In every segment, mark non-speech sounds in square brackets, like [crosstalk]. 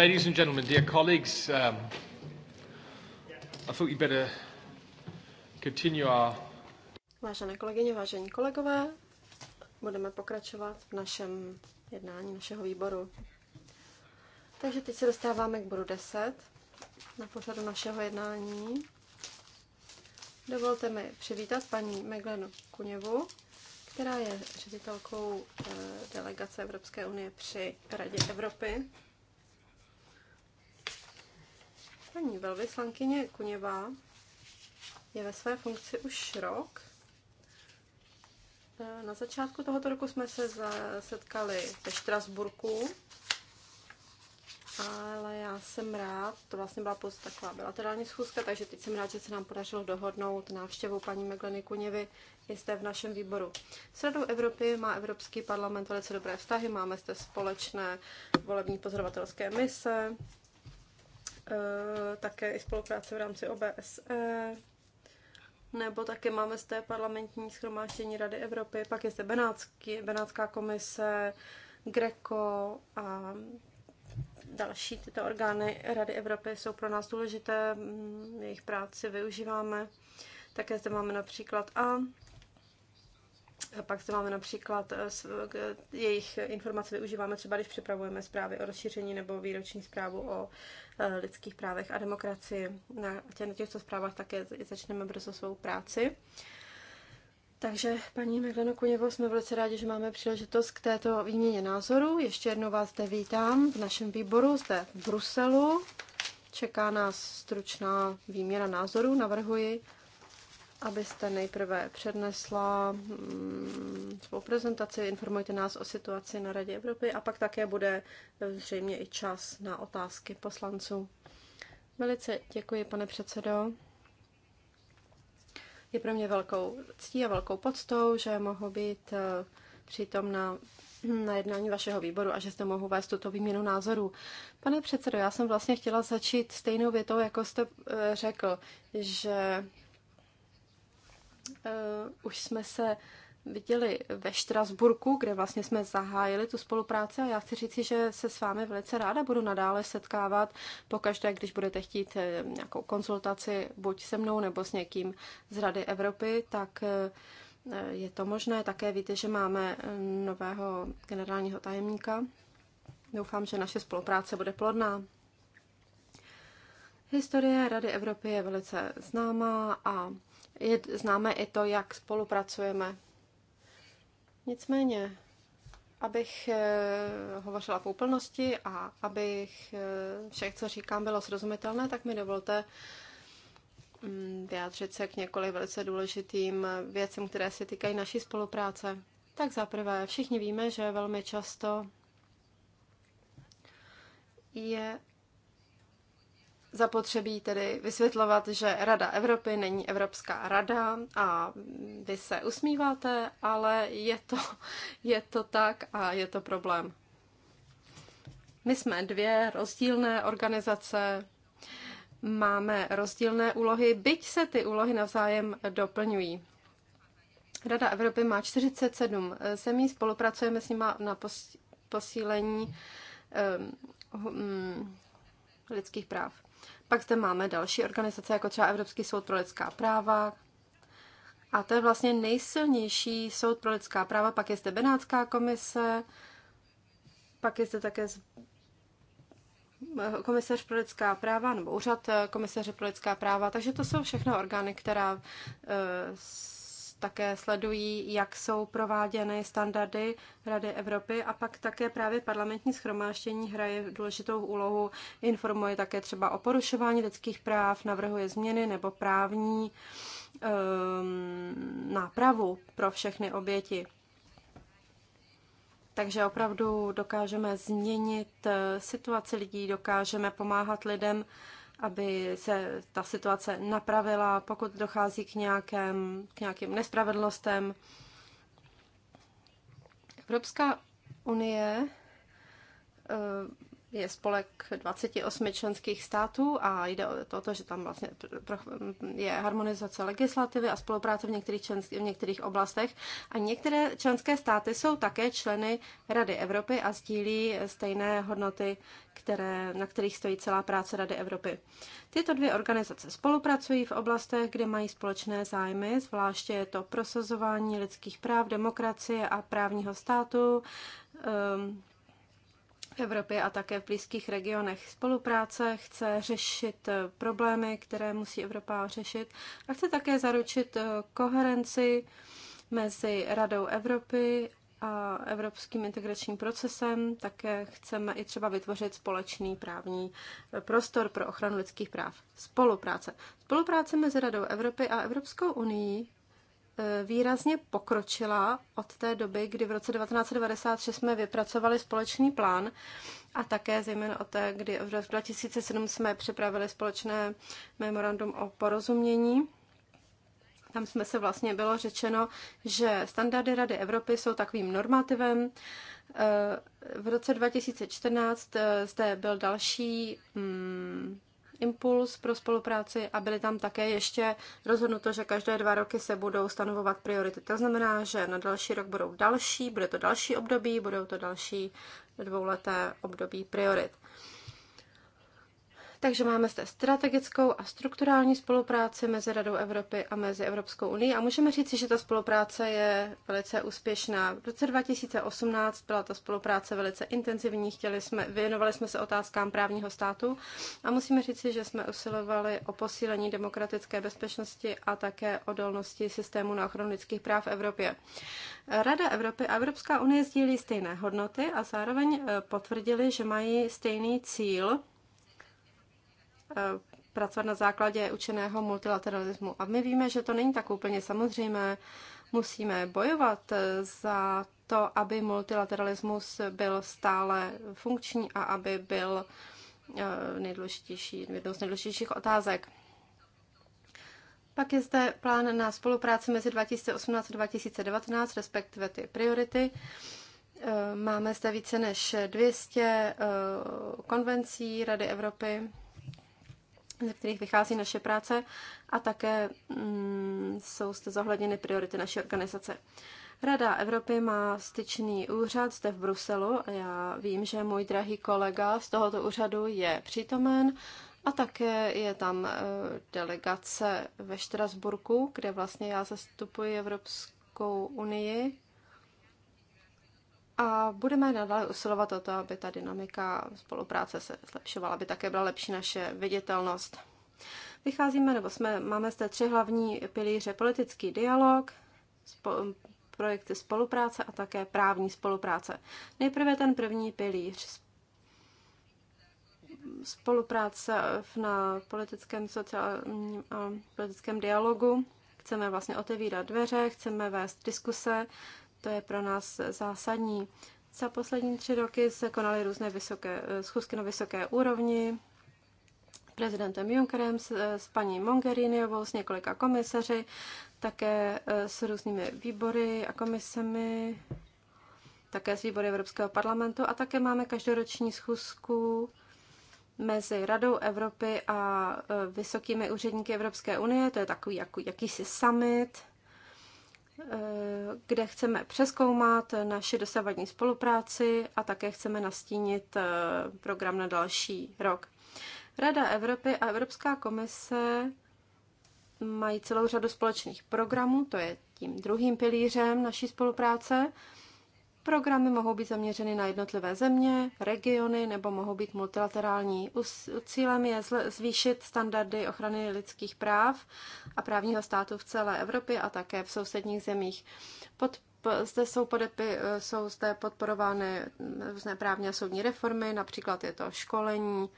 Ladies and gentlemen, dear colleagues, um, I thought you'd better continue our... Vážené kolegyně, vážení kolegové, budeme pokračovat v našem jednání našeho výboru. Takže teď se dostáváme k bodu 10 na pořadu našeho jednání. Dovolte mi přivítat paní Meglenu Kuněvu, která je ředitelkou eh, delegace Evropské unie při Radě Evropy. Paní velvyslankyně Kuněvá je ve své funkci už rok. Eh, na začátku tohoto roku jsme se setkali ve Štrasburku, ale já jsem rád, to vlastně byla pouze taková bilaterální schůzka, takže teď jsem rád, že se nám podařilo dohodnout návštěvu paní Megleny Kuněvy je zde v našem výboru. S Radou Evropy má Evropský parlament velice dobré vztahy, máme zde společné volební pozorovatelské mise, Eh, také i spolupráce v rámci OBSE, nebo také máme z té parlamentní schromáždění Rady Evropy, pak je zde Benátský, Benátská komise, Greco a další tyto orgány Rady Evropy jsou pro nás důležité, mm, jejich práci využíváme. Také zde máme například A pak zde máme například eh, eh, jejich informace využíváme třeba, když připravujeme zprávy o rozšíření nebo výroční zprávu o eh, lidských právech a demokracii. Na, těchto zprávách také začneme brzo svou práci. Takže, paní Meglenu Kuněvo, jsme velice rádi, že máme příležitost k této výměně názoru. Ještě jednou vás zde vítám v našem výboru zde v Bruselu. Čeká nás stručná výměna názorů. Navrhuji, abyste nejprve přednesla mm, svou prezentaci, informujte nás o situaci na Radě Evropy a pak také bude zřejmě i čas na otázky poslanců. Velice děkuji, pane předsedo. Je pro mě velkou ctí a velkou poctou, že mohu být eh, přítomna na jednání vašeho výboru a že jste mohu vést tuto výměnu názorů. Pane předsedo, já jsem vlastně chtěla začít stejnou větou, jako jste eh, řekl, že Eh, už jsme se viděli ve Štrasburku, kde vlastně jsme zahájili tu spolupráci a já chci říci, že se s vámi velice ráda budu nadále setkávat. Pokaždé, když budete chtít eh, nějakou konzultaci buď se mnou nebo s někým z Rady Evropy, tak eh, je to možné. Také víte, že máme nového generálního tajemníka. Doufám, že naše spolupráce bude plodná. Historie Rady Evropy je velice známá a je, známe i to, jak spolupracujeme. Nicméně, abych eh, hovořila v úplnosti a abych e, vše, co říkám, bylo srozumitelné, tak mi dovolte mm, vyjádřit se k několik velice důležitým věcem, které se týkají naší spolupráce. Tak zaprvé, všichni víme, že velmi často je zapotřebí tedy vysvětlovat, že Rada Evropy není Evropská rada a vy se usmíváte, ale je to, [laughs] je to tak a je to problém. My jsme dvě rozdílné organizace, máme rozdílné úlohy, byť se ty úlohy navzájem doplňují. Rada Evropy má 47 zemí, spolupracujeme s nima na posílení um, um, lidských práv. Pak zde máme další organizace, jako třeba Evropský soud pro lidská práva. A to je vlastně nejsilnější soud pro lidská práva. Pak je zde Benátská komise, pak je zde také komisař pro lidská práva nebo úřad eh, komisaře pro lidská práva. Takže to jsou všechno orgány, která eh, také sledují, jak jsou prováděny standardy Rady Evropy a pak také právě parlamentní schromáštění hraje důležitou úlohu, informuje také třeba o porušování lidských práv, navrhuje změny nebo právní um, nápravu pro všechny oběti. Takže opravdu dokážeme změnit eh, situaci lidí, dokážeme pomáhat lidem, aby se ta situace napravila, pokud dochází k, nějakém, k nějakým nespravedlnostem. Evropská unie eh, je spolek 28 členských států a jde o to, že tam vlastně je harmonizace legislativy a spolupráce v některých, členský, v některých oblastech. A některé členské státy jsou také členy Rady Evropy a sdílí stejné hodnoty, které, na kterých stojí celá práce Rady Evropy. Tyto dvě organizace spolupracují v oblastech, kde mají společné zájmy, zvláště je to prosazování lidských práv, demokracie a právního státu, um, v Evropě a také v blízkých regionech. Spolupráce chce řešit eh, problémy, které musí Evropa řešit a chce také zaručit eh, koherenci mezi Radou Evropy a evropským integračním procesem. Také chceme i třeba vytvořit společný právní eh, prostor pro ochranu lidských práv. Spolupráce. Spolupráce mezi Radou Evropy a Evropskou unii E, výrazně pokročila od té doby, kdy v roce 1996 jsme vypracovali společný plán a také zejména od té, kdy v roce 2007 jsme připravili společné memorandum o porozumění. Tam jsme se vlastně bylo řečeno, že standardy Rady Evropy jsou takovým normativem. E, v roce 2014 e, zde byl další mm, impuls pro spolupráci a byly tam také ještě rozhodnuto, že každé dva roky se budou stanovovat priority. To znamená, že na další rok budou další, bude to další období, budou to další dvouleté období priorit. Takže máme zde strategickou a strukturální spolupráci mezi Radou Evropy a mezi Evropskou unii a můžeme říci, že ta spolupráce je velice úspěšná. V roce 2018 byla ta spolupráce velice intenzivní, chtěli jsme, věnovali jsme se otázkám právního státu a musíme říci, že jsme usilovali o posílení demokratické bezpečnosti a také odolnosti systému na ochranu lidských práv v Evropě. Rada Evropy a Evropská unie sdílí stejné hodnoty a zároveň eh, potvrdili, že mají stejný cíl Eh, pracovat na základě učeného multilateralismu. A my víme, že to není tak úplně samozřejmé. Musíme bojovat eh, za to, aby multilateralismus byl stále funkční a aby byl eh, nejdůležitější, jednou z nejdůležitějších otázek. Pak je zde plán na spolupráci mezi 2018 a 2019, respektive ty priority. Máme zde více než 200 konvencí Rady Evropy ze kterých vychází naše práce a také mm, jsou zde zohledněny priority naší organizace. Rada Evropy má styčný úřad zde v Bruselu a já vím, že můj drahý kolega z tohoto úřadu je přítomen a také je tam eh, delegace ve Štrasburku, kde vlastně já zastupuji Evropskou unii a budeme nadále usilovat o to, aby ta dynamika spolupráce se zlepšovala, aby také byla lepší naše viditelnost. Vycházíme, nebo jsme, máme zde tři hlavní pilíře politický dialog, spo, projekty spolupráce a také právní spolupráce. Nejprve ten první pilíř spolupráce na politickém, sociálním a politickém dialogu. Chceme vlastně otevírat dveře, chceme vést diskuse to je pro nás zásadní. Za poslední tři roky se konaly různé vysoké, eh, schůzky na vysoké úrovni prezidentem Junckerem, s, eh, s paní Mongeriniovou, s několika komisaři, také eh, s různými výbory a komisemi, také s výbory Evropského parlamentu a také máme každoroční schůzku mezi Radou Evropy a vysokými úředníky Evropské unie. To je takový jak, jakýsi summit, kde chceme přeskoumat naši dosavadní spolupráci a také chceme nastínit eh, program na další rok. Rada Evropy a Evropská komise mají celou řadu společných programů, to je tím druhým pilířem naší spolupráce. Programy mohou být zaměřeny na jednotlivé země, regiony nebo mohou být multilaterální. Cílem je zvýšit standardy ochrany lidských práv a právního státu v celé Evropě a také v sousedních zemích. Pod, zde jsou, podepy, jsou zde podporovány různé právní a soudní reformy, například je to školení,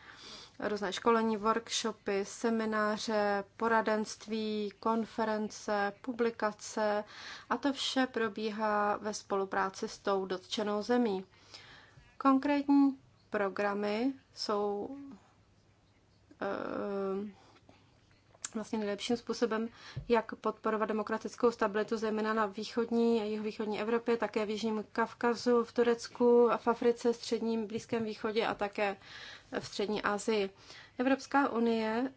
různé školení, workshopy, semináře, poradenství, konference, publikace a to vše probíhá ve spolupráci s tou dotčenou zemí. Konkrétní programy jsou eh, vlastně nejlepším způsobem, jak podporovat demokratickou stabilitu, zejména na východní a jihovýchodní Evropě, také v Jižním Kavkazu, v Turecku, a v Africe, středním Blízkém východě a také v střední Asii. Evropská unie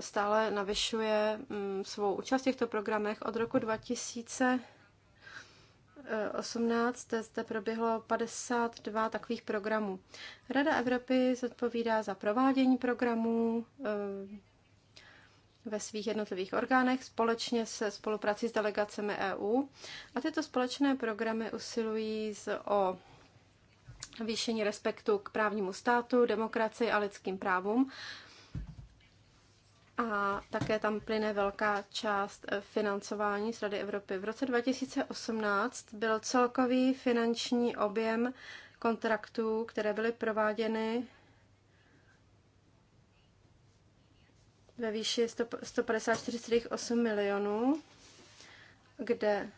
stále navyšuje mm, svou účast v těchto programech. Od roku 2018 zde proběhlo 52 takových programů. Rada Evropy zodpovídá za provádění programů, ve svých jednotlivých orgánech společně se spoluprací s delegacemi EU. A tyto společné programy usilují z, o výšení respektu k právnímu státu, demokracii a lidským právům. A také tam plyne velká část eh, financování z Rady Evropy. V roce 2018 byl celkový finanční objem kontraktů, které byly prováděny ve výši 154,8 milionů, kde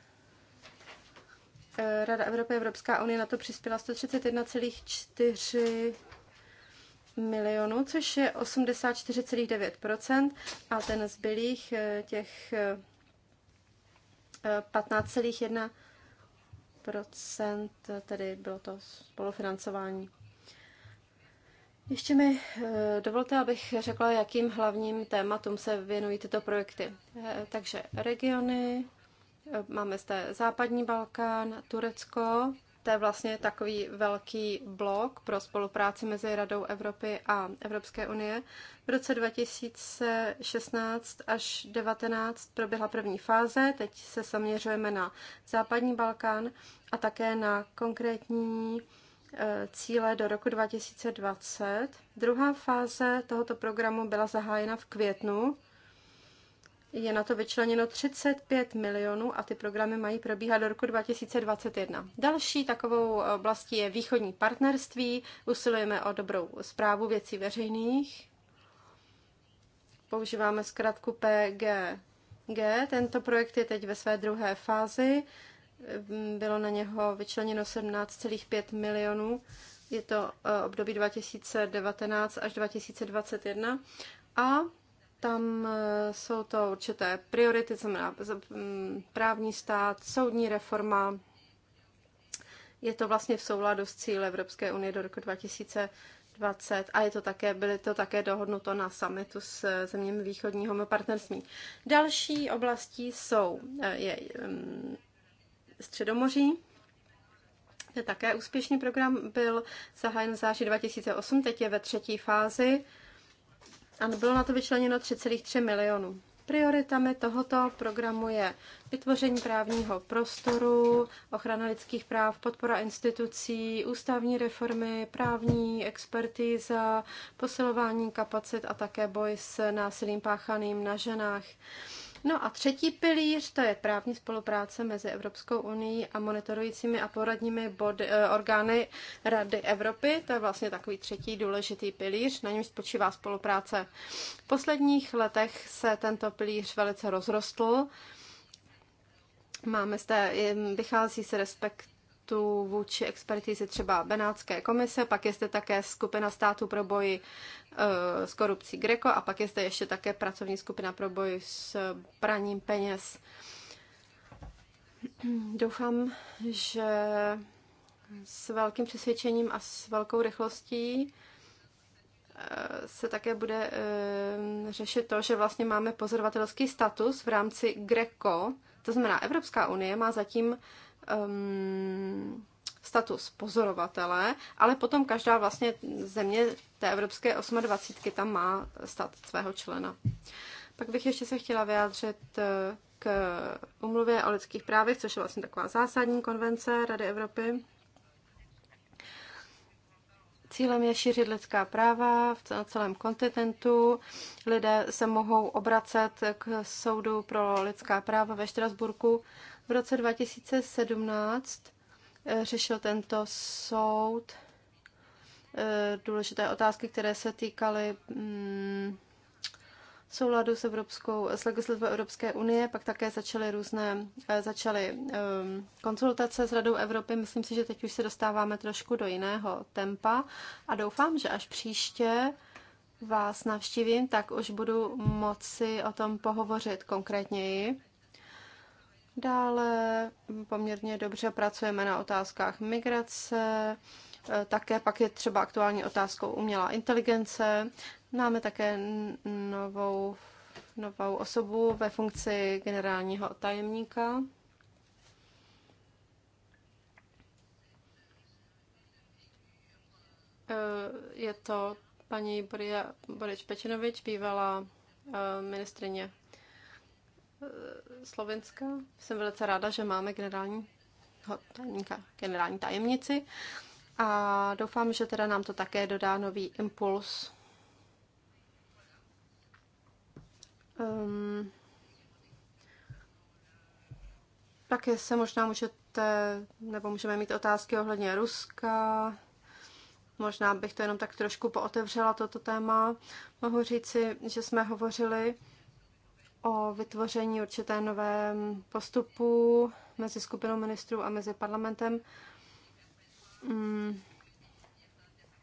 eh, Rada Evropy Evropská unie na to přispěla 131,4 milionů, což je 84,9 a ten zbylých eh, těch 15,1 eh, tedy bylo to spolufinancování. Ještě mi eh, dovolte, abych řekla, jakým hlavním tématům se věnují tyto projekty. Eh, takže regiony, eh, máme zde Západní Balkán, Turecko, to je vlastně takový velký blok pro spolupráci mezi Radou Evropy a Evropské unie. V roce 2016 až 2019 proběhla první fáze, teď se zaměřujeme na západní Balkán a také na konkrétní Eh, cíle do roku 2020. Druhá fáze tohoto programu byla zahájena v květnu. Je na to vyčleněno 35 milionů a ty programy mají probíhat do roku 2021. Další takovou oblastí je východní partnerství. Usilujeme o dobrou zprávu věcí veřejných. Používáme zkrátku PGG. Tento projekt je teď ve své druhé fázi bylo na něho vyčleněno 17,5 milionů. Je to e, období 2019 až 2021. A tam e, jsou to určité priority, znamená právní stát, soudní reforma. Je to vlastně v souladu s cíly Evropské unie do roku 2020 a je to také, byly to také dohodnuto na summitu s e, zeměmi východního partnerství. Další oblastí jsou je, Středomoří. Je také úspěšný program, byl zahájen v září 2008, teď je ve třetí fázi a bylo na to vyčleněno 3,3 milionů. Prioritami tohoto programu je vytvoření právního prostoru, ochrana lidských práv, podpora institucí, ústavní reformy, právní expertíza, posilování kapacit a také boj s násilím páchaným na ženách. No a třetí pilíř, to je právní spolupráce mezi Evropskou unii a monitorujícími a poradními body, eh, orgány Rady Evropy. To je vlastně takový třetí důležitý pilíř, na něm spočívá spolupráce. V posledních letech se tento pilíř velice rozrostl. Máme zde, vychází se respekt tu vůči expertizi třeba Benátské komise, pak jste také skupina států pro boji e, eh, s korupcí Greco a pak jste ještě také pracovní skupina pro boj s praním peněz. Doufám, že s velkým přesvědčením a s velkou rychlostí eh, se také bude eh, řešit to, že vlastně máme pozorovatelský status v rámci GRECO, to znamená Evropská unie má zatím um, status pozorovatele, ale potom každá vlastně země té evropské 28 tam má stát svého člena. Pak bych ještě se chtěla vyjádřit uh, k umluvě o lidských právech, což je vlastně taková zásadní konvence Rady Evropy. Cílem je šířit lidská práva v celém kontinentu. Lidé se mohou obracet k soudu pro lidská práva ve Štrasburku v roce 2017 eh, řešil tento soud eh, důležité otázky, které se týkaly mm, souladu s, Evropskou, s legislativou Evropské unie, pak také začaly různé, eh, začaly ehm, konzultace s Radou Evropy. Myslím si, že teď už se dostáváme trošku do jiného tempa a doufám, že až příště vás navštívím, tak už budu moci o tom pohovořit konkrétněji. Dále poměrně dobře pracujeme na otázkách migrace, e, také pak je třeba aktuální otázkou umělá inteligence. Máme také novou, novou osobu ve funkci generálního tajemníka. E, je to paní Borič Pečinovič, bývalá e, ministrině Slovenska. Jsem velice ráda, že máme generální, tajemníka, generální tajemnici a doufám, že teda nám to také dodá nový impuls. Um, ehm, také se možná můžete, nebo můžeme mít otázky ohledně Ruska. Možná bych to jenom tak trošku pootevřela, toto téma. Mohu říci, že jsme hovořili o vytvoření určité nové postupu mezi skupinou ministrů a mezi parlamentem. Mm,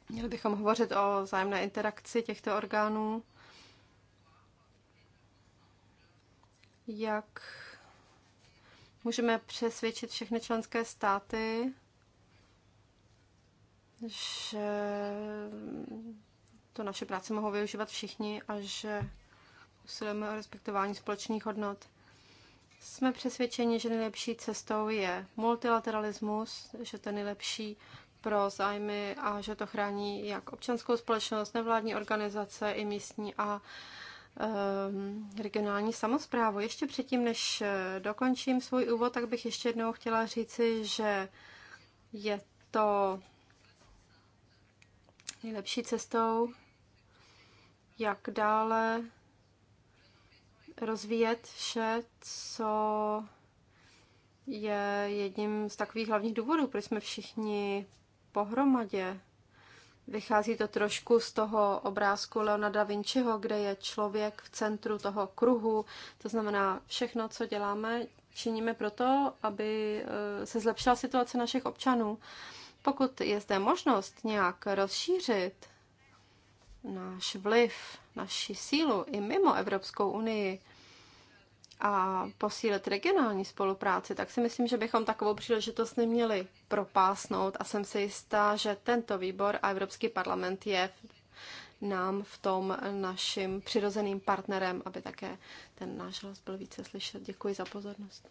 měli bychom hovořit o zájemné interakci těchto orgánů. Jak můžeme přesvědčit všechny členské státy, že to naše práce mohou využívat všichni a že usilujeme o respektování společných hodnot. Jsme přesvědčeni, že nejlepší cestou je multilateralismus, že to je nejlepší pro zájmy a že to chrání jak občanskou společnost, nevládní organizace, i místní a um, regionální samozprávu. Ještě předtím, než eh, dokončím svůj úvod, tak bych ještě jednou chtěla říci, že je to nejlepší cestou, jak dále rozvíjet vše, co je jedním z takových hlavních důvodů, proč jsme všichni pohromadě. Vychází to trošku z toho obrázku Leona da Vinciho, kde je člověk v centru toho kruhu. To znamená, všechno, co děláme, činíme proto, aby eh, se zlepšila situace našich občanů. Pokud je zde možnost nějak rozšířit náš vliv, naši sílu i mimo Evropskou unii a posílit regionální spolupráci, tak si myslím, že bychom takovou příležitost neměli propásnout a jsem si jistá, že tento výbor a Evropský parlament je nám v tom našim přirozeným partnerem, aby také ten náš hlas byl více slyšet. Děkuji za pozornost.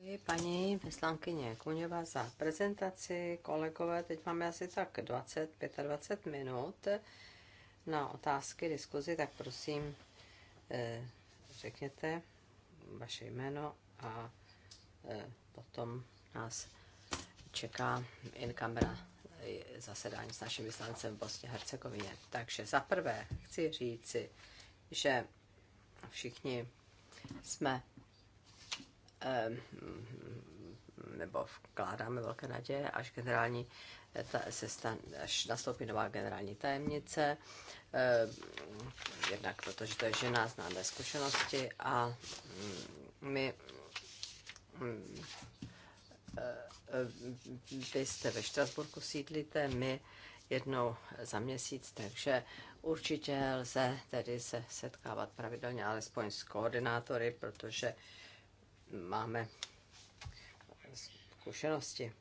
Děkuji paní poslankyně Kuněva za prezentaci. Kolegové, teď máme asi tak 20, 25 minut na otázky, diskuzi, tak prosím eh, řekněte vaše jméno a eh, potom nás čeká in camera eh, zasedání s naším vyslancem v Bosně Hercegovině. Takže za prvé chci říci, že všichni jsme Eh, nebo vkládáme velké naděje, až generální eh, ta, se stan, až nastoupí nová generální tajemnice, eh, jednak protože to je žena, známe zkušenosti a mm, my mm, vy jste ve Štrasburku sídlíte, my jednou za měsíc, takže určitě lze tedy se setkávat pravidelně alespoň s koordinátory, protože máme zkušenosti.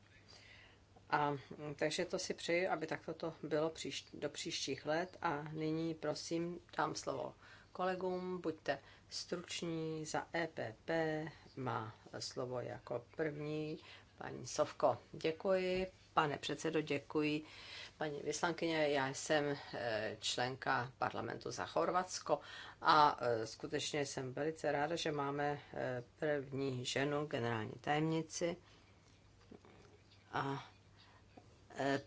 A, mm, takže to si přeji, aby takto to bylo příš, do příštích let. A nyní prosím dám slovo kolegům, buďte struční, za EPP má slovo jako první paní Sovko. Děkuji, Pane předsedo, děkuji. Paní vyslankyně, já jsem eh, členka parlamentu za Chorvatsko a eh, skutečně jsem velice ráda, že máme eh, první ženu, generální tajemnici. A Eh,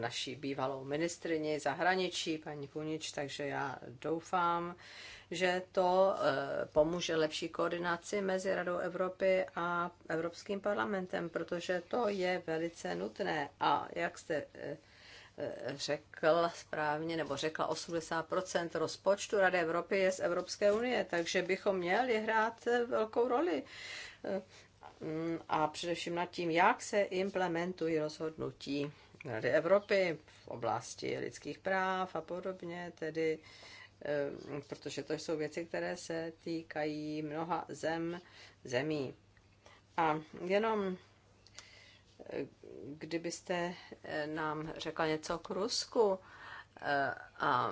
naší bývalou ministrině zahraničí, paní Punič, takže já doufám, že to eh, pomůže lepší koordinaci mezi Radou Evropy a Evropským parlamentem, protože to je velice nutné. A jak jste eh, řekl správně, nebo řekla 80% rozpočtu Rady Evropy je z Evropské unie, takže bychom měli hrát velkou roli Mm, a především nad tím, jak se implementují rozhodnutí Rady Evropy v oblasti lidských práv a podobně, tedy eh, protože to jsou věci, které se týkají mnoha zem, zemí. A jenom eh, kdybyste eh, nám řekla něco k Rusku a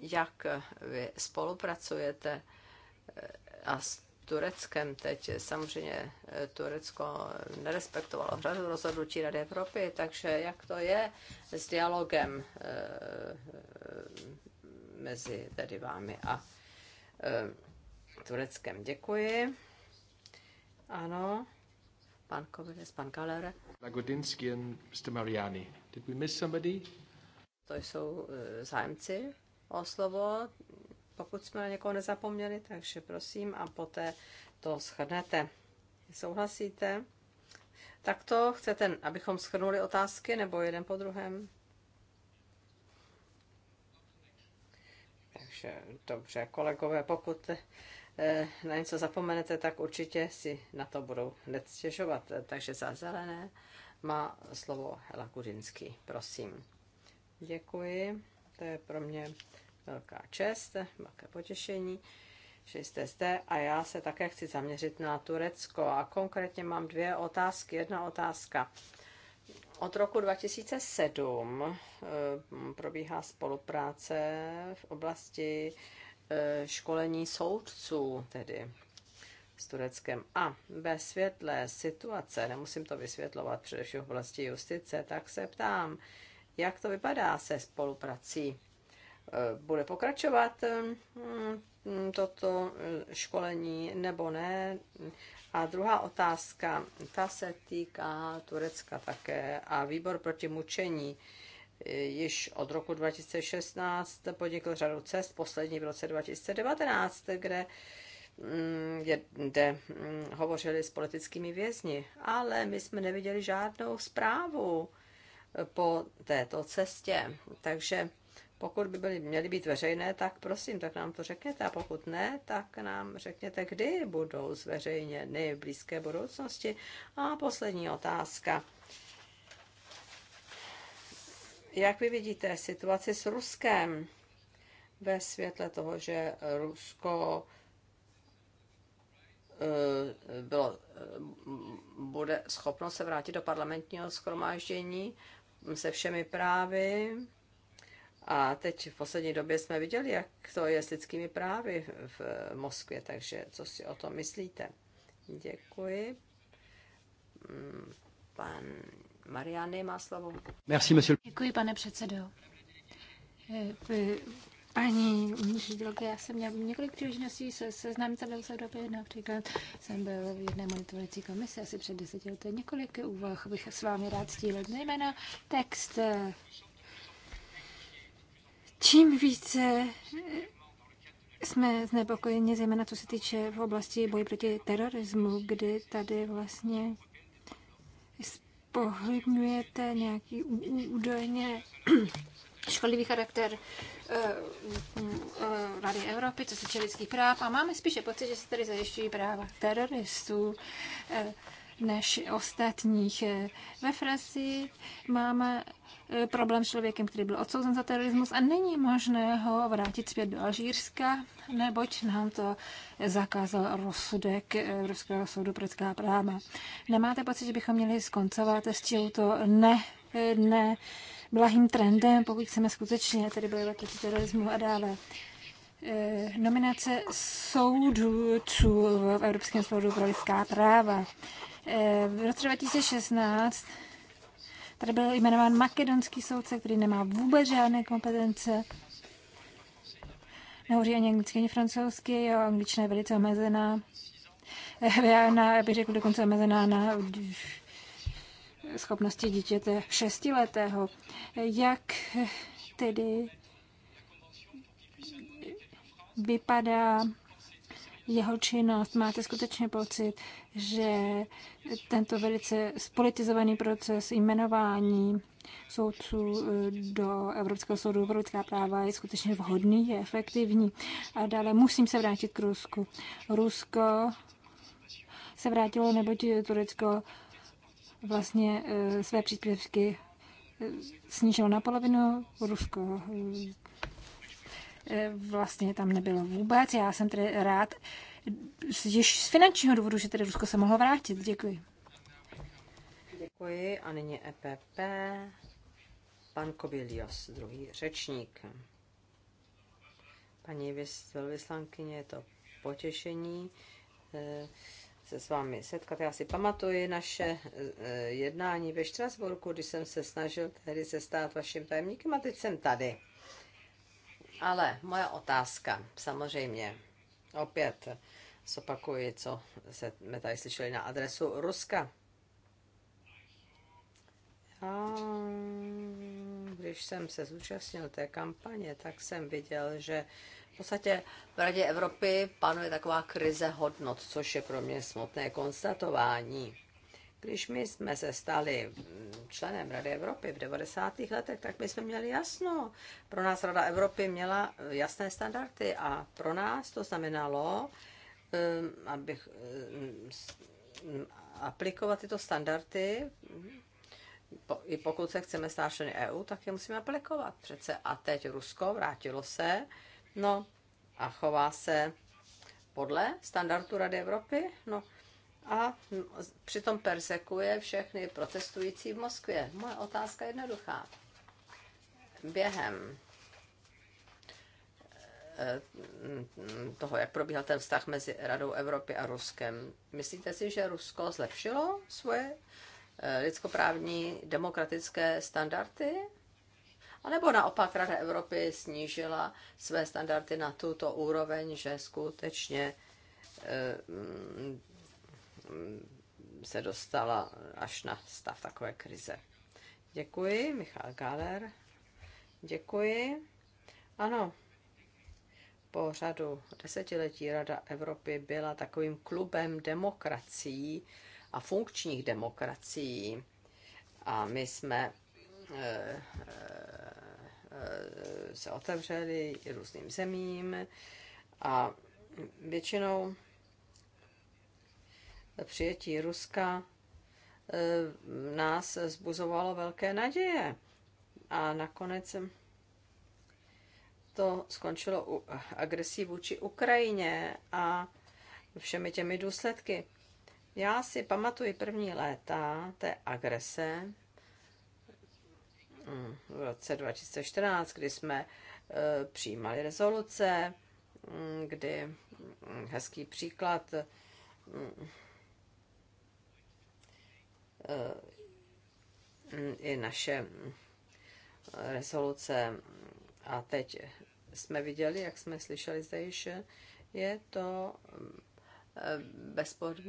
jak vy spolupracujete a Tureckem teď. Samozřejmě eh, Turecko nerespektovalo řadu rozhodnutí Rady Evropy, takže jak to je s dialogem eh, mezi tedy vámi a eh, Tureckem? Děkuji. Ano. Pan Kovides, pan Kalere. Lagodinsky and Mr. Mariani. Did we miss somebody? To jsou zájemci o slovo pokud jsme na někoho nezapomněli, takže prosím a poté to shrnete. Souhlasíte? Tak to chcete, abychom shrnuli otázky nebo jeden po druhém? Takže dobře, kolegové, pokud eh, na něco zapomenete, tak určitě si na to budou hned stěžovat. Takže za zelené má slovo Hela Kudinský, prosím. Děkuji, to je pro mě velká čest, velké potěšení, že jste zde a já se také chci zaměřit na Turecko a konkrétně mám dvě otázky. Jedna otázka. Od roku 2007 eh, probíhá spolupráce v oblasti eh, školení soudců, tedy s Tureckem. A ve světle situace, nemusím to vysvětlovat především v oblasti justice, tak se ptám, jak to vypadá se spoluprací Eh, bude pokračovat eh, toto eh, školení nebo ne. A druhá otázka, ta se týká Turecka také a výbor proti mučení již od roku 2016 podnikl řadu cest, poslední v roce 2019, kde mm, kde mm, hovořili s politickými vězni, ale my jsme neviděli žádnou zprávu po této cestě. Takže pokud by byly, měly být veřejné, tak prosím, tak nám to řekněte. A pokud ne, tak nám řekněte, kdy budou zveřejněny v blízké budoucnosti. A poslední otázka. Jak vy vidíte situaci s Ruskem ve světle toho, že Rusko eh, bylo, eh, bude schopno se vrátit do parlamentního schromáždění se všemi právy, a teď v poslední době jsme viděli, jak to je s lidskými právy v Moskvě, takže co si o tom myslíte? Děkuji. Mm, pan Mariany má slovo. Merci, monsieur. Děkuji, pane předsedo. Eh, eh, paní učitelky, já jsem měl několik příležitostí se seznámit se v Evropě. Například jsem byl v jedné monitorující komisi asi před deseti lety. Několik úvah bych s vámi rád stílil, Nejména text eh, Čím více eh, jsme znepokojeni, zejména co se týče v oblasti boji proti terorismu, kdy tady vlastně spohybňujete nějaký údajně [clears throat] škodlivý charakter eh, eh, Rady Evropy, co se týče lidských práv. A máme spíše pocit, že se tady zajišťují práva teroristů než ostatních. Ve Francii máme e, problém s člověkem, který byl odsouzen za terorismus a není možné ho vrátit zpět do Alžírska, neboť nám to zakázal rozsudek Evropského soudu pro lidská práva. Nemáte pocit, že bychom měli skoncovat s tímto ne, ne blahým trendem, pokud chceme skutečně tedy bojovat proti terorismu a dále? E, nominace soudů v Evropském soudu pro lidská práva. Eh, v roce 2016 tady byl jmenován makedonský soudce, který nemá vůbec žádné kompetence. Nehoří ani anglicky, ani francouzsky, jeho angličtina je velice omezená. Eh, já, na, já bych řekl dokonce omezená na schopnosti dítěte šestiletého. Jak tedy vypadá jeho činnost. Máte skutečně pocit, že tento velice spolitizovaný proces jmenování soudců eh, do Evropského soudu pro lidská práva je skutečně vhodný, je efektivní. A dále musím se vrátit k Rusku. Rusko se vrátilo, neboť Turecko vlastně eh, své příspěvky eh, snížilo na polovinu, Rusko E, vlastně tam nebylo vůbec. Já jsem tedy rád, že z finančního důvodu, že tedy Rusko se mohlo vrátit. Děkuji. Děkuji a nyní EPP. Pan Kobilios, druhý řečník. Paní velvyslankyně, je to potěšení e, se s vámi setkat. Já si pamatuji naše e, jednání ve Štrasburku, když jsem se snažil tehdy se stát vaším tajemníkem a teď jsem tady. Ale moja otázka, samozřejmě, opět zopakuji, co jsme tady slyšeli na adresu Ruska. A když jsem se zúčastnil té kampaně, tak jsem viděl, že v podstatě v Radě Evropy panuje taková krize hodnot, což je pro mě smutné konstatování. Když my jsme se stali členem Rady Evropy v 90. letech, tak my jsme měli jasno. Pro nás Rada Evropy měla jasné standardy a pro nás to znamenalo, um, abych um, aplikovat tyto standardy, i pokud se chceme stát členy EU, tak je musíme aplikovat přece. A teď Rusko vrátilo se, no a chová se podle standardu Rady Evropy, no a přitom persekuje všechny protestující v Moskvě. Moje otázka je jednoduchá. Během eh, toho, jak probíhal ten vztah mezi Radou Evropy a Ruskem. Myslíte si, že Rusko zlepšilo svoje eh, lidskoprávní demokratické standardy? A nebo naopak Rada Evropy snížila své standardy na tuto úroveň, že skutečně eh, se dostala až na stav takové krize. Děkuji, Michal Galer. Děkuji. Ano, po řadu desetiletí Rada Evropy byla takovým klubem demokracií a funkčních demokracií. A my jsme eh, eh, se otevřeli různým zemím a většinou přijetí Ruska eh, nás zbuzovalo velké naděje. A nakonec to skončilo u agresí vůči Ukrajině a všemi těmi důsledky. Já si pamatuji první léta té agrese hm, v roce 2014, kdy jsme eh, přijímali rezoluce, hm, kdy hm, hezký příklad Eh, i naše rezoluce. A teď jsme viděli, jak jsme slyšeli zde již, je to eh,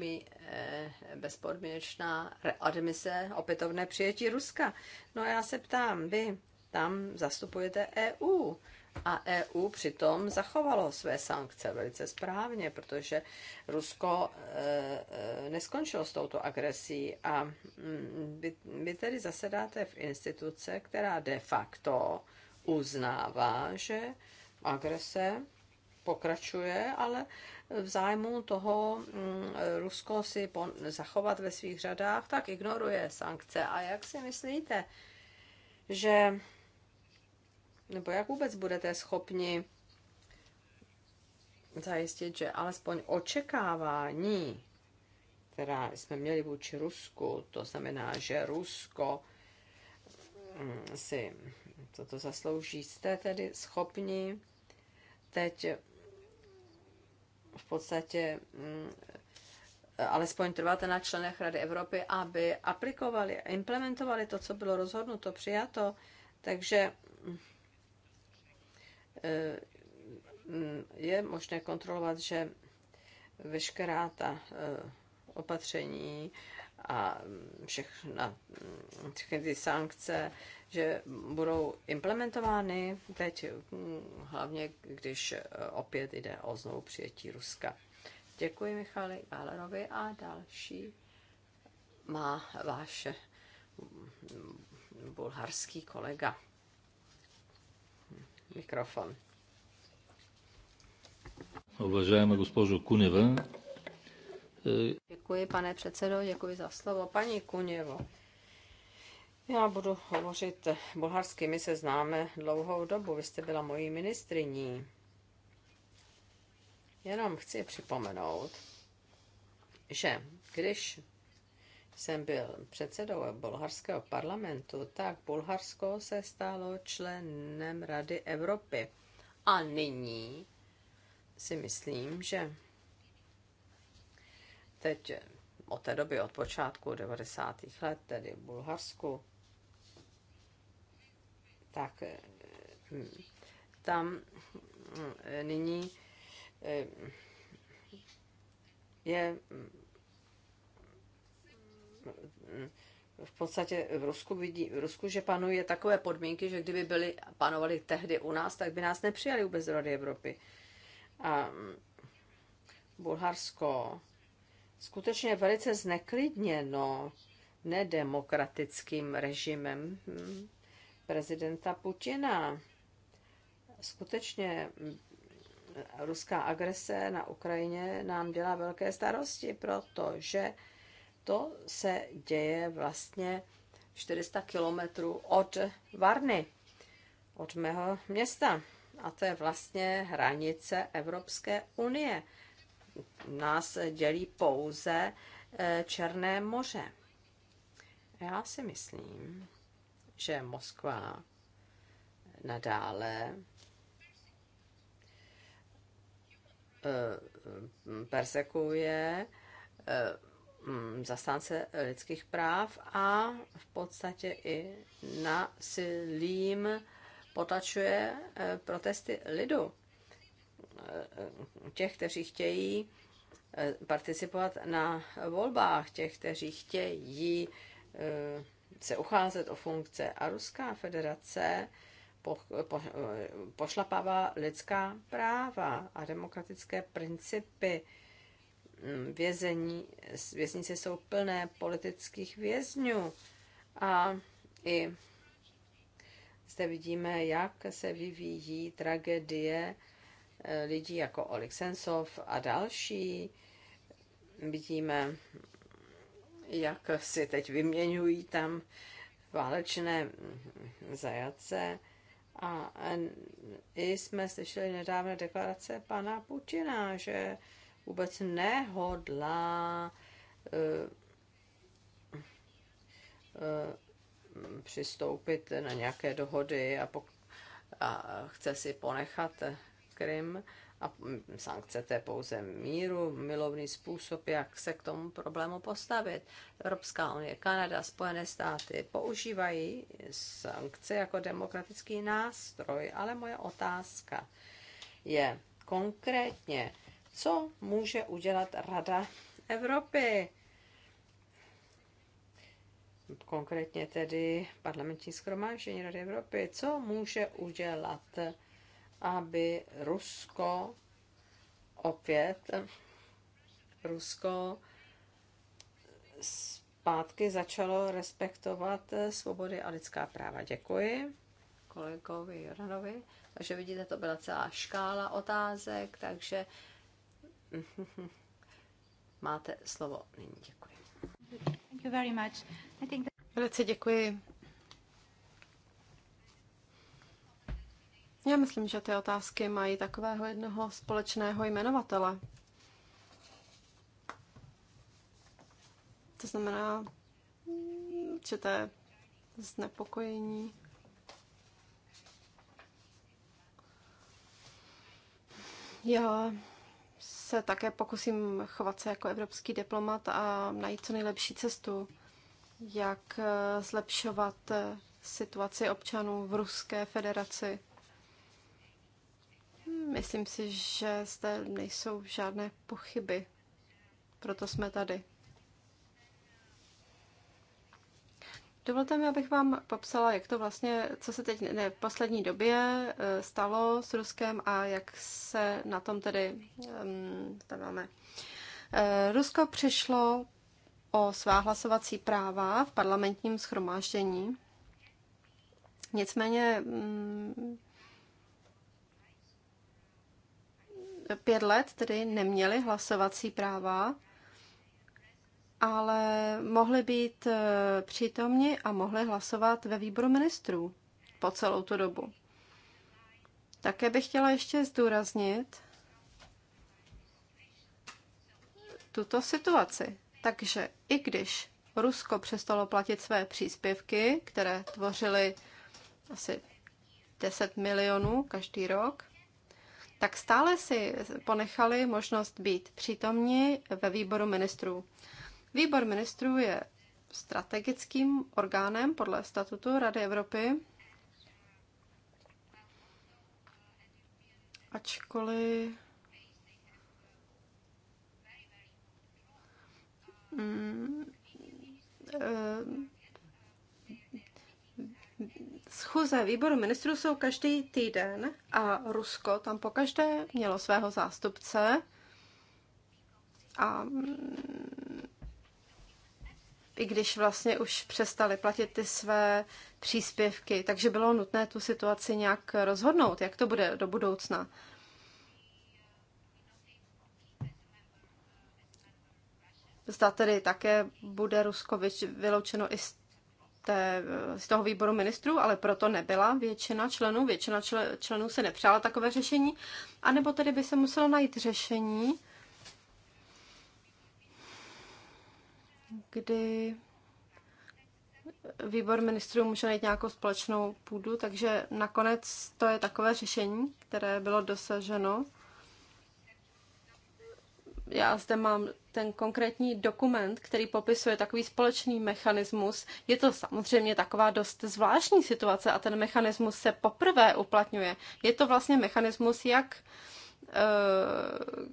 eh, bezpodmínečná readmise, opětovné přijetí Ruska. No a já se ptám, vy tam zastupujete EU. A EU přitom zachovalo své sankce velice správně, protože Rusko e, e, neskončilo s touto agresí. A mm, vy, vy tedy zasedáte v instituce, která de facto uznává, že agrese pokračuje, ale v zájmu toho mm, Rusko si zachovat ve svých řadách, tak ignoruje sankce. A jak si myslíte, že nebo jak vůbec budete schopni zajistit, že alespoň očekávání, která jsme měli vůči Rusku, to znamená, že Rusko mm, si toto zaslouží, jste tedy schopni teď v podstatě mm, alespoň trváte na členech Rady Evropy, aby aplikovali implementovali to, co bylo rozhodnuto, přijato. Takže mm, Eh, je možné kontrolovat, že veškerá ta eh, opatření a všechna, mm, všechny ty sankce, že budou implementovány teď, mm, hlavně když eh, opět jde o znovu přijetí Ruska. Děkuji Michali Gálerovi a další má váš mm, bulharský kolega mikrofon. Uvažujeme gospožu Kuneva. Děkuji, pane předsedo, děkuji za slovo. Paní Kuněvo, já budu hovořit bulharsky, my se známe dlouhou dobu, vy jste byla mojí ministriní. Jenom chci připomenout, že když jsem byl předsedou bulharského parlamentu, tak Bulharsko se stalo členem Rady Evropy. A nyní si myslím, že teď od té doby, od počátku 90. let, tedy v Bulharsku, tak hm, tam hm, nyní hm, je v podstatě v Rusku vidí, v Rusku, že panuje takové podmínky, že kdyby byly panovaly tehdy u nás, tak by nás nepřijali vůbec do Rady Evropy. A mm, Bulharsko skutečně je velice zneklidněno nedemokratickým režimem hm, prezidenta Putina. Skutečně hm, ruská agrese na Ukrajině nám dělá velké starosti, protože to se děje vlastně 400 kilometrů od Varny, od mého města. A to je vlastně hranice Evropské unie. Nás dělí pouze eh, Černé moře. Já si myslím, že Moskva nadále eh, eh, persekuje Mm, zastánce lidských práv a v podstatě i násilím potačuje eh, protesty lidu. Eh, těch, kteří chtějí eh, participovat na volbách, těch, kteří chtějí se ucházet o funkce. A Ruská federace po, po, pošlapává lidská práva a demokratické principy Mm, vězení, věznice jsou plné politických vězňů a i zde vidíme, jak se vyvíjí tragédie e, lidí jako Oleg Sensov a další. Vidíme, jak si teď vyměňují tam válečné mm, zajace. A e, i jsme slyšeli nedávné deklarace pana Putina, že vůbec nehodlá eh, eh, přistoupit na nějaké dohody a, pok- a chce si ponechat Krym a sankce to je pouze míru, milovný způsob, jak se k tomu problému postavit. Evropská unie, Kanada, Spojené státy používají sankce jako demokratický nástroj, ale moje otázka je konkrétně, co může udělat Rada Evropy? Konkrétně tedy parlamentní schromáždění Rady Evropy. Co může udělat, aby Rusko opět Rusko zpátky začalo respektovat svobody a lidská práva. Děkuji kolegovi Joranovi. Takže vidíte, to byla celá škála otázek, takže [laughs] Máte slovo nyní. Děkuji. Thank you very much. I think that... Velice děkuji. Já myslím, že ty otázky mají takového jednoho společného jmenovatele. To znamená že je znepokojení. Já se také pokusím chovat se jako evropský diplomat a najít co nejlepší cestu, jak eh, zlepšovat eh, situaci občanů v Ruské federaci. Myslím si, že zde nejsou žádné pochyby. Proto jsme tady. Dovolte mi, abych vám popsala, jak to vlastně, co se teď ne, v poslední době eh, stalo s Ruskem a jak se na tom tedy um, tam máme. Eh, Rusko přišlo o svá hlasovací práva v parlamentním schromáždění. Nicméně um, pět let tedy neměli hlasovací práva ale mohli být eh, přítomni a mohli hlasovat ve výboru ministrů po celou tu dobu. Také bych chtěla ještě zdůraznit tuto situaci. Takže i když Rusko přestalo platit své příspěvky, které tvořily asi 10 milionů každý rok, tak stále si ponechali možnost být přítomni ve výboru ministrů. Výbor ministrů je strategickým orgánem podle statutu Rady Evropy, ačkoliv mm, eh, Schůze výboru ministrů jsou každý týden a Rusko tam pokaždé mělo svého zástupce a mm, i když vlastně už přestali platit ty své příspěvky. Takže bylo nutné tu situaci nějak rozhodnout, jak to bude do budoucna. Zda tedy také bude Rusko vyloučeno i z, té, z toho výboru ministrů, ale proto nebyla většina členů. Většina členů se nepřála takové řešení, anebo tedy by se muselo najít řešení, kdy výbor ministrů může najít nějakou společnou půdu, takže nakonec to je takové řešení, které bylo dosaženo. Já zde mám ten konkrétní dokument, který popisuje takový společný mechanismus. Je to samozřejmě taková dost zvláštní situace a ten mechanismus se poprvé uplatňuje. Je to vlastně mechanismus, jak eh,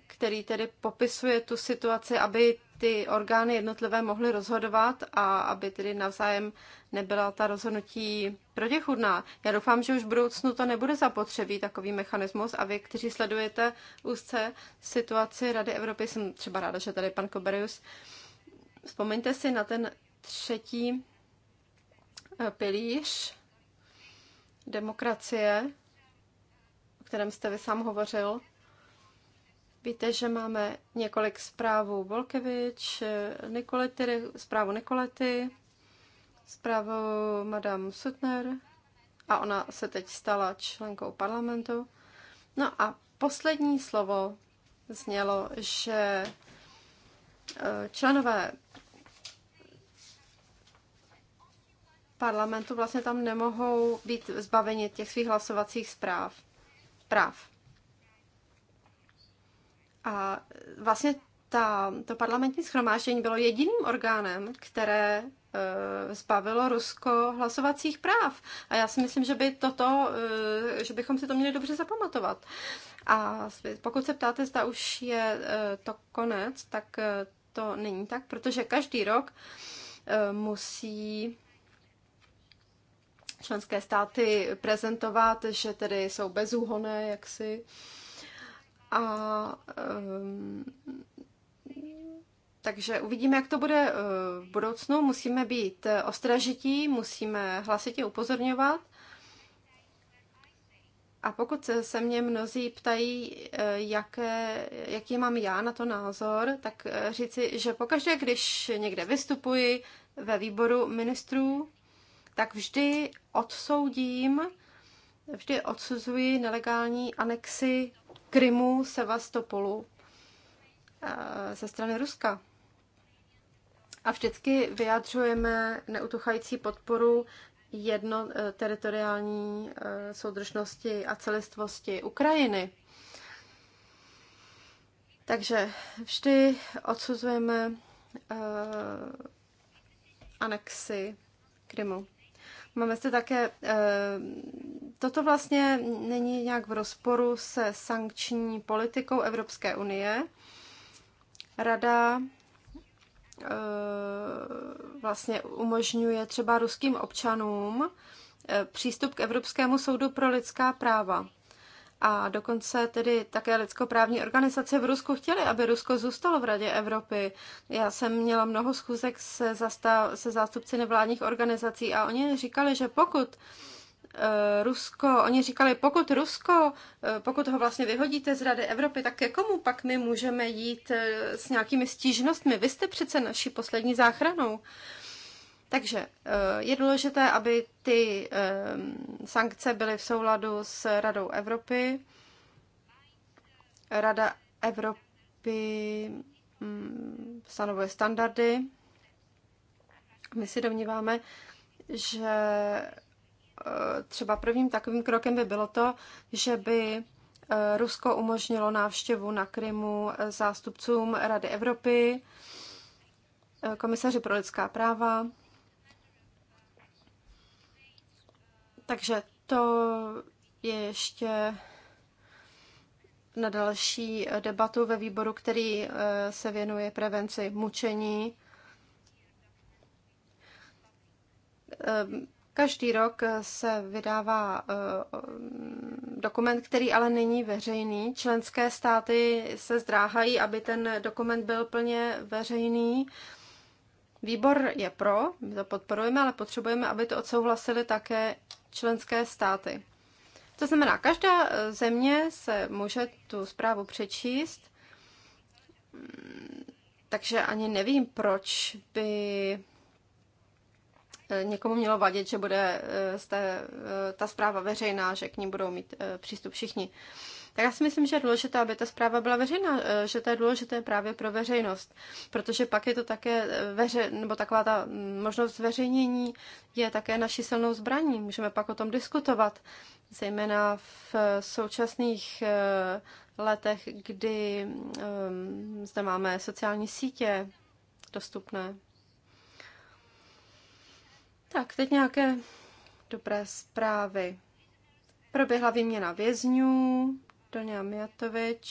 který tedy popisuje tu situaci, aby ty orgány jednotlivé mohly rozhodovat a aby tedy navzájem nebyla ta rozhodnutí protichudná. Já doufám, že už v budoucnu to nebude zapotřebí takový mechanismus a vy, kteří sledujete úzce situaci Rady Evropy, jsem třeba ráda, že tady pan Koberius, vzpomeňte si na ten třetí eh, pilíř demokracie, o kterém jste vy sám hovořil, Víte, že máme několik zprávů Volkevič, Nikolety, zprávu Nikolety, zprávu Madame Sutner a ona se teď stala členkou parlamentu. No a poslední slovo znělo, že eh, členové parlamentu vlastně tam nemohou být zbaveni těch svých hlasovacích zpráv, práv. A vlastně ta, to parlamentní schromáždění bylo jediným orgánem, které e, zbavilo Rusko hlasovacích práv. A já si myslím, že by toto, e, že bychom si to měli dobře zapamatovat. A pokud se ptáte, zda už je e, to konec, tak e, to není tak, protože každý rok e, musí členské státy prezentovat, že tedy jsou bezúhonné, jak si a um, takže uvidíme, jak to bude eh, v budoucnu. Musíme být eh, ostražití, musíme hlasitě upozorňovat. A pokud se mě mnozí ptají, eh, jaké, jaký mám já na to názor, tak říci, že pokaždé, když někde vystupuji ve výboru ministrů, tak vždy odsoudím, vždy odsuzuji nelegální anexi Krymu, Sevastopolu eh, ze strany Ruska. A vždycky vyjadřujeme neutuchající podporu jedno eh, teritoriální eh, soudržnosti a celistvosti Ukrajiny. Takže vždy odsuzujeme uh, anexi Krymu. Máme zde také, eh, toto vlastně není nějak v rozporu se sankční politikou Evropské unie. Rada eh, vlastně umožňuje třeba ruským občanům eh, přístup k Evropskému soudu pro lidská práva a dokonce tedy také lidskoprávní organizace v Rusku chtěly, aby Rusko zůstalo v Radě Evropy. Já jsem měla mnoho schůzek se, zastav, se zástupci nevládních organizací a oni říkali, že pokud eh, Rusko, oni říkali, pokud Rusko, eh, pokud ho vlastně vyhodíte z Rady Evropy, tak ke komu pak my můžeme jít eh, s nějakými stížnostmi? Vy jste přece naší poslední záchranou. Takže eh, je důležité, aby ty eh, sankce byly v souladu s Radou Evropy. Rada Evropy mm, stanovuje standardy. My si domníváme, že eh, třeba prvním takovým krokem by bylo to, že by Rusko umožnilo návštěvu na Krymu zástupcům Rady Evropy, komisaři pro lidská práva, Takže to je ještě na další eh, debatu ve výboru, který eh, se věnuje prevenci mučení. Ehm, každý rok eh, se vydává dokument, který ale není veřejný. Členské státy se zdráhají, aby ten dokument byl plně veřejný. Výbor je pro, my to podporujeme, ale potřebujeme, aby to odsouhlasili také členské státy. To znamená, každá e, země se může tu zprávu přečíst, mm, takže ani nevím, proč by e, někomu mělo vadit, že bude e, ta zpráva veřejná, že k ní budou mít přístup všichni tak já si myslím, že je důležité, aby ta zpráva byla veřejná, eh, že to je důležité právě pro veřejnost, protože pak je to také eh, veře, nebo taková ta mm, možnost zveřejnění je také naší silnou zbraní. Můžeme pak o tom diskutovat, zejména v eh, současných letech, kdy mm, zde máme sociální sítě dostupné. Tak, teď nějaké dobré zprávy. Proběhla výměna vězňů, Doňa Mijatovič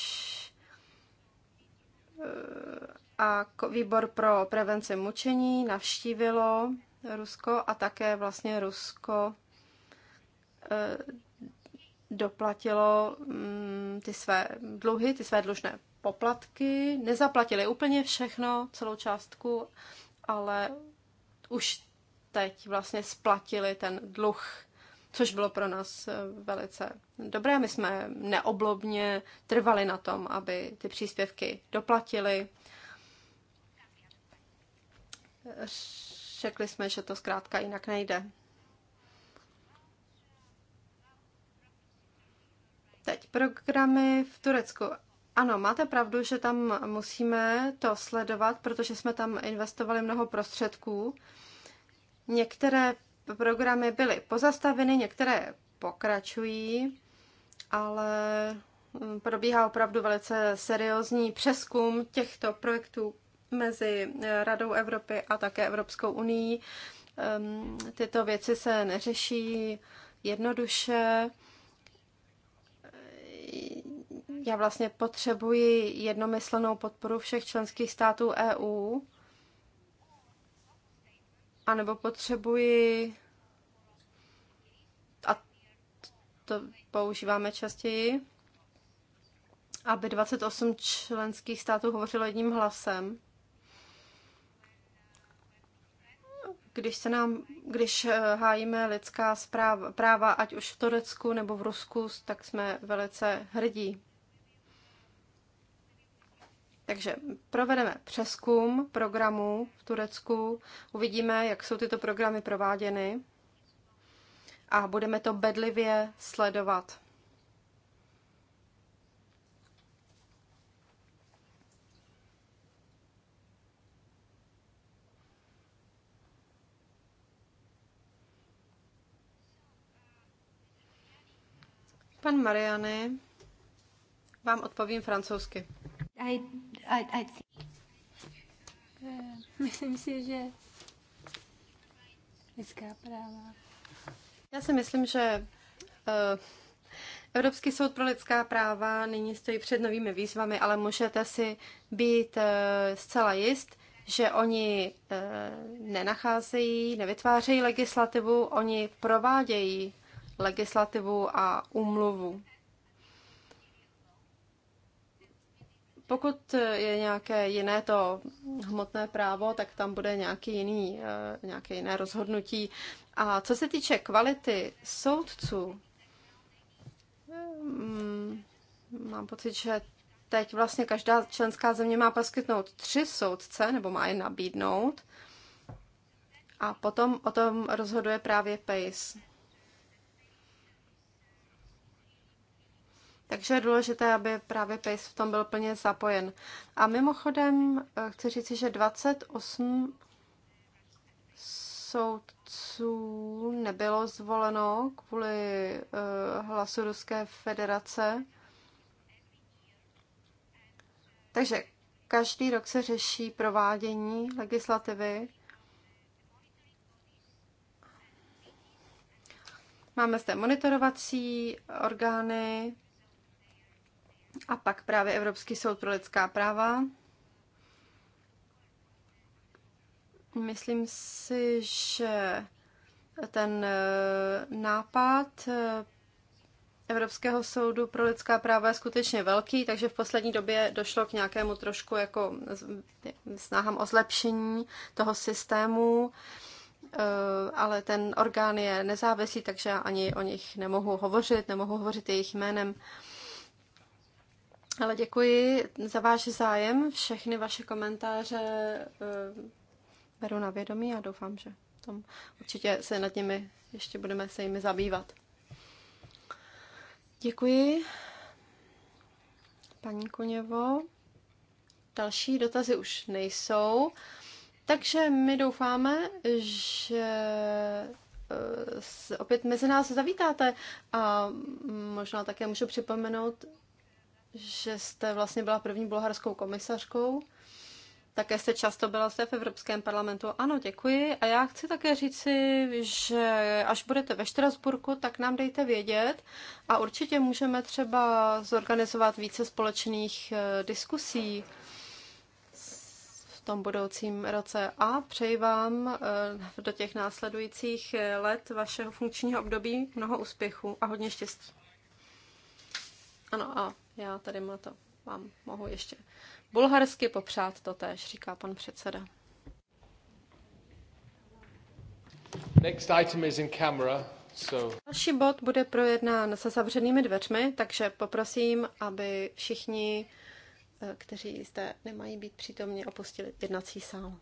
eh, a výbor pro prevenci mučení navštívilo Rusko a také vlastně Rusko eh, doplatilo mm, ty své dluhy, ty své dlužné poplatky. Nezaplatili úplně všechno, celou částku, ale už teď vlastně splatili ten dluh což bylo pro nás eh, velice dobré. My jsme neoblobně trvali na tom, aby ty příspěvky doplatili. Řekli jsme, že to zkrátka jinak nejde. Teď programy v Turecku. Ano, máte pravdu, že tam musíme to sledovat, protože jsme tam investovali mnoho prostředků. Některé programy byly pozastaveny, některé pokračují, ale mm, probíhá opravdu velice seriózní přeskum těchto projektů mezi eh, Radou Evropy a také Evropskou unii. Tyto věci se neřeší jednoduše. Já vlastně potřebuji jednomyslnou podporu všech členských států EU anebo potřebuji, a to používáme častěji, aby 28 členských států hovořilo jedním hlasem. Když, se nám, když eh, hájíme lidská zpráva, práva, ať už v Turecku nebo v Rusku, tak jsme velice hrdí. Takže provedeme přeskum programů v Turecku, uvidíme, jak jsou tyto programy prováděny a budeme to bedlivě sledovat. Pan Mariany, vám odpovím francouzsky. I ať si eh, Myslím si, že lidská práva. Já si myslím, že eh, Evropský soud pro lidská práva nyní stojí před novými výzvami, ale můžete si být eh, zcela jist, že oni nenacházejí, nevytvářejí legislativu, oni provádějí legislativu a umluvu. Pokud je nějaké jiné to hmotné právo, tak tam bude nějaký jiný, eh, nějaké jiné rozhodnutí. A co se týče kvality soudců, ehm, mám pocit, že teď vlastně každá členská země má poskytnout tři soudce, nebo má je nabídnout. A potom o tom rozhoduje právě PACE. Takže je důležité, aby právě PACE v tom byl plně zapojen. A mimochodem eh, chci říct, že 28 soudců nebylo zvoleno kvůli eh, hlasu Ruské federace. Takže každý rok se řeší provádění legislativy. Máme zde monitorovací orgány, a pak právě Evropský soud pro lidská práva. Myslím si, že ten eh, nápad eh, Evropského soudu pro lidská práva je skutečně velký, takže v poslední době došlo k nějakému trošku jako snahám o zlepšení toho systému, eh, ale ten orgán je nezávislý, takže já ani o nich nemohu hovořit, nemohu hovořit jejich jménem. Ale děkuji za váš zájem. Všechny vaše komentáře eh, beru na vědomí a doufám, že tam určitě se nad nimi ještě budeme se jimi zabývat. Děkuji. Paní Koněvo. Další dotazy už nejsou. Takže my doufáme, že eh, opět mezi nás zavítáte a možná také můžu připomenout, že jste vlastně byla první bulharskou komisařkou. Také jste často byla zde v Evropském parlamentu. Ano, děkuji. A já chci také říci, že až budete ve Štrasburku, tak nám dejte vědět a určitě můžeme třeba zorganizovat více společných eh, diskusí v tom budoucím roce. A přeji vám eh, do těch následujících eh, let vašeho funkčního období mnoho úspěchů a hodně štěstí. Ano, a já tady má to, vám mohu ještě bulharsky popřát to tež, říká pan předseda. Next item is in camera, so... Další bod bude projednán se zavřenými dveřmi, takže poprosím, aby všichni, eh, kteří zde nemají být přítomně, opustili jednací sál.